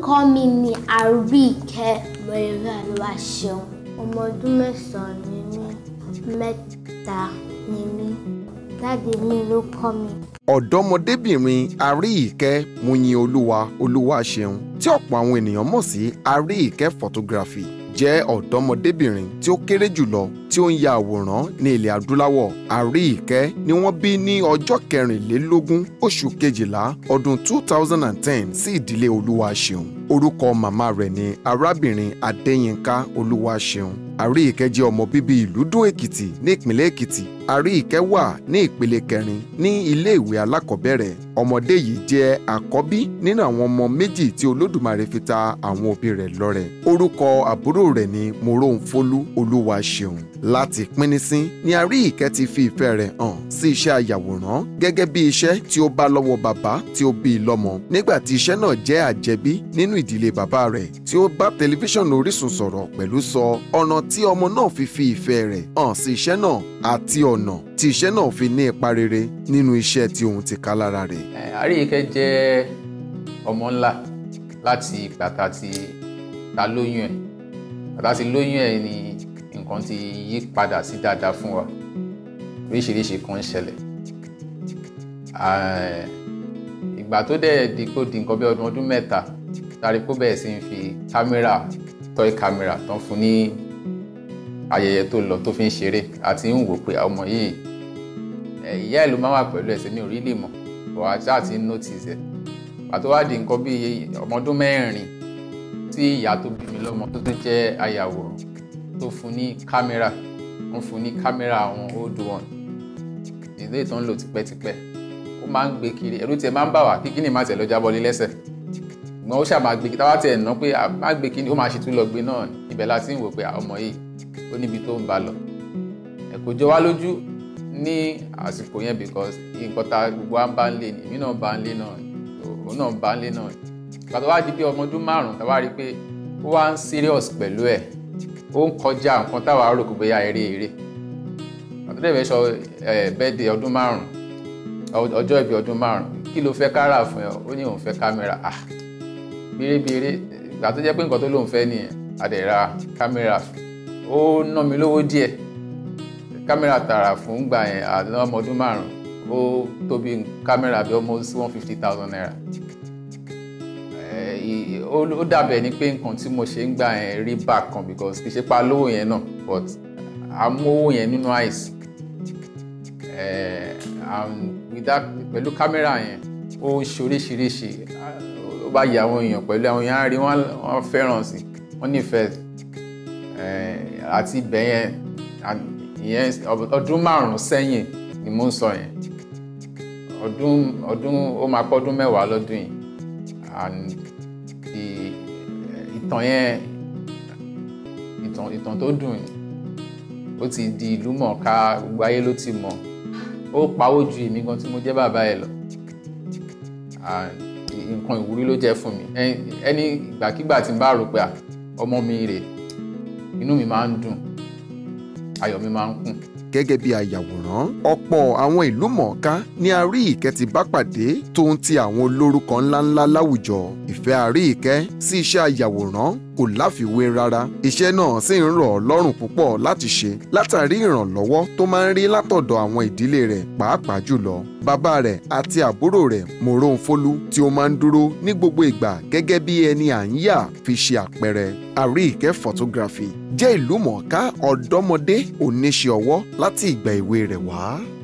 orúkọ mi ni àríkẹ́ mọ̀rẹ́rẹ́olúwaṣeun ọmọ ọdún mẹ́sàn-án ni mí mẹ́ta ni mí dáàdi mi ló kọ́ mi. ọ̀dọ́mọdébìnrin àríkẹ́ muyinolúwa olúwaṣeun tí ọ̀pọ̀ àwọn ènìyàn mọ̀ sí àríkẹ́ photography jẹ́ ọ̀dọ́mọdébìnrin tí ó kéré jùlọ tí ó ń ya àwòrán ní ilẹ̀ adúláwọ̀ Àríìkẹ́ ni wọ́n bí ní ọjọ́ kẹrìnlélógún oṣù kejìlá ọdún 2010 sí ìdílé Olúwaṣeun orúkọ màmá rẹ̀ ni arábìnrin Adéyínká Olúwaṣeun Àríìkẹ́ jẹ́ ọmọ bíbí ìlú Dó Èkìtì ní ìpínlẹ̀ Èkìtì Àríìkẹ́ wà ní ìpele kẹrin ní iléèwé alákọ̀ọ́bẹ̀rẹ̀ ọmọdé yìí jẹ́ àkọ́bí nínú àwọn ọmọ méjì tí Olódùmarè fi ta àwọn òbí rẹ̀ lọ́rẹ orúkọ àbúrò rẹ̀ ni Mòrónfolú Olúwaṣeun láti pínísín ni Aríyìíkẹ́ ti fi ìfẹ́ rẹ̀ hàn sí iṣẹ́ ayàwòrán gẹ́gẹ́ bí iṣẹ́ tí ó bá lọ́wọ́ bàbá tí ó bí i lọ́mọ nígbà tí iṣẹ́ náà jẹ́ àjẹbí nínú ìdílé bàbá rẹ̀ tí ó bá tẹlifíṣàn Orísun sọ̀rọ̀ pẹ̀lú sọ ọ̀nà tí ọmọ náà fi fi ìfẹ́ rẹ̀ hàn sí iṣẹ́ náà àti ọ̀nà tí iṣẹ́ náà fi ní ipa rere nínú iṣẹ́ tí òun ti ká lára rẹ̀. Aríyìíkẹ́ ni nǹkan ti yí padà sí dáadáa fún wa oríṣiríṣi kan ń ṣẹlẹ̀ ìgbà tó dẹ̀ di kó di nǹkan bí ọdún ọdún mẹ́ta tari kó bẹ̀rẹ̀ sí fi kámẹ́rà toy kámẹ́rà tán fún ní ayẹyẹ tó lọ tó fi ń ṣeré àti ń wò pé ọmọ yìí ìyá ẹ̀ ló máa wà pẹ̀lú ẹ̀sẹ̀ mi ò rí lè mọ̀ wàá ṣáà ti ń notice ẹ̀ pàtó wá di nǹkan bí ọmọ ọdún mẹ́rin tí ìyá tó bí mi lọ́mọ tó tún jẹ́ ayàwòrán tó fún ní kámẹ́rà wọ́n fún ní kámẹ́rà àwọn old one ìdílé tó ń lò tipẹ́tipẹ́ ó máa ń gbé kiri ẹ̀rù tiẹ̀ máa ń bà wá kí kíni máa tẹ̀ lọ jábọ́ lé lẹ́sẹ̀ ṣùgbọ́n ó ṣáà máa gbé kí táwa tiẹ̀ ná pé má gbé kíni ó máa ṣe tún lọ gbé náà ibẹ̀ la ti ń wò pé ọmọ yìí ó níbi tó ń ba lọ ẹ̀kọ́ jọ wá lójú ní àsìkò yẹn because nǹkan ta gbogbo wa ń bá ń lé ni èmi náà bá ń lé náà òun náà bá ń lé náà ìgbà tó wá di bí ọmọ ọdún márùn-ún tá wá rí i pé ó wá ń serious pẹ̀lú ẹ̀ ó ń kọjá nǹkan táwa rò pé bóyá eré eré àtúndé ìfẹ́ sọ bẹ́ẹ̀dì ọdún márùn-ún ọjọ́ ìbí ọdún márùn kí ló fẹ́ kára fún ẹ ó ní òun fẹ́ kámẹ́rà ah biribiri ìgbà tó jẹ́ pé nǹkan tó lóun fẹ́ nìyẹn àdẹ̀ra kámẹ́rà ó ná mi lówó díẹ̀ kámẹ́rà tààrà fún gbà yẹn àná ọmọ ọdún márùn ó tóbi kámẹ́rà bíi almost one fifty thousand naira ó dàbẹ̀ ni pé nǹkan tí mo ṣe ń gbà yẹn rí back kan because kì í ṣe pa lówó yẹn náà but amówó yẹn nínú àìsí eh, um, pẹ̀lú kámẹ́rà yẹn ó ń ṣe oríṣiríṣi ó bá yà àwọn èèyàn pẹ̀lú àwọn èèyàn á rí wọ́n fẹ́ràn sí wọ́n nífẹ̀ẹ́ eh, àti ibẹ̀ yẹn ìyẹn ọdún márùn-ún sẹ́yìn ni mo ń sọ yẹn ọdún ọdún ó máa pọ́ ọdún mẹ́wàá lọ́dún yìí ìtàn yẹn ìtàn ìtàn tó dùn ó ti di ìlú mọ̀ọ́ká gbogbo ayé ló ti mọ̀ ó pawó ju èmi gan tí mo jẹ́ bàbá ẹ̀ lọ ah, nǹkan ìwúrí ló jẹ́ fún mi ẹni ìgbàkigbà tí n bá rò pé ah, ọmọ mi rè inú mi máa ń dùn ayọ̀ mi máa ń kún gẹ́gẹ́ bí ayàwòrán ọ̀pọ̀ àwọn ìlú mọ̀ọ́ká ni Aríyìíkẹ́ ti bá pàdé tó ń ti àwọn olórúkọ ńláńlá láwùjọ ìfẹ́ Aríyìíkẹ́ sí iṣẹ́ ayàwòrán kò láfiwé rárá iṣẹ́ náà sì ń rọ̀ ọ́ lọ́rùn púpọ̀ láti ṣe látàrí ìrànlọ́wọ́ tó máa ń rí látọ̀dọ̀ àwọn ìdílé rẹ̀ pàápàá jùlọ bàbá rẹ̀ àti àbúrò rẹ̀ Mòrónfólú tí ó máa ń dúró ní gbogbo ìgbà gẹ́gẹ́ bí ẹni à ń yà fi ṣe àpẹẹrẹ Àríìkẹ́ photography jẹ́ ìlúmọ̀ọ́ká ọ̀dọ́mọdé oníṣẹ́ ọwọ́ láti ìgbà ìwé rẹ̀ wá.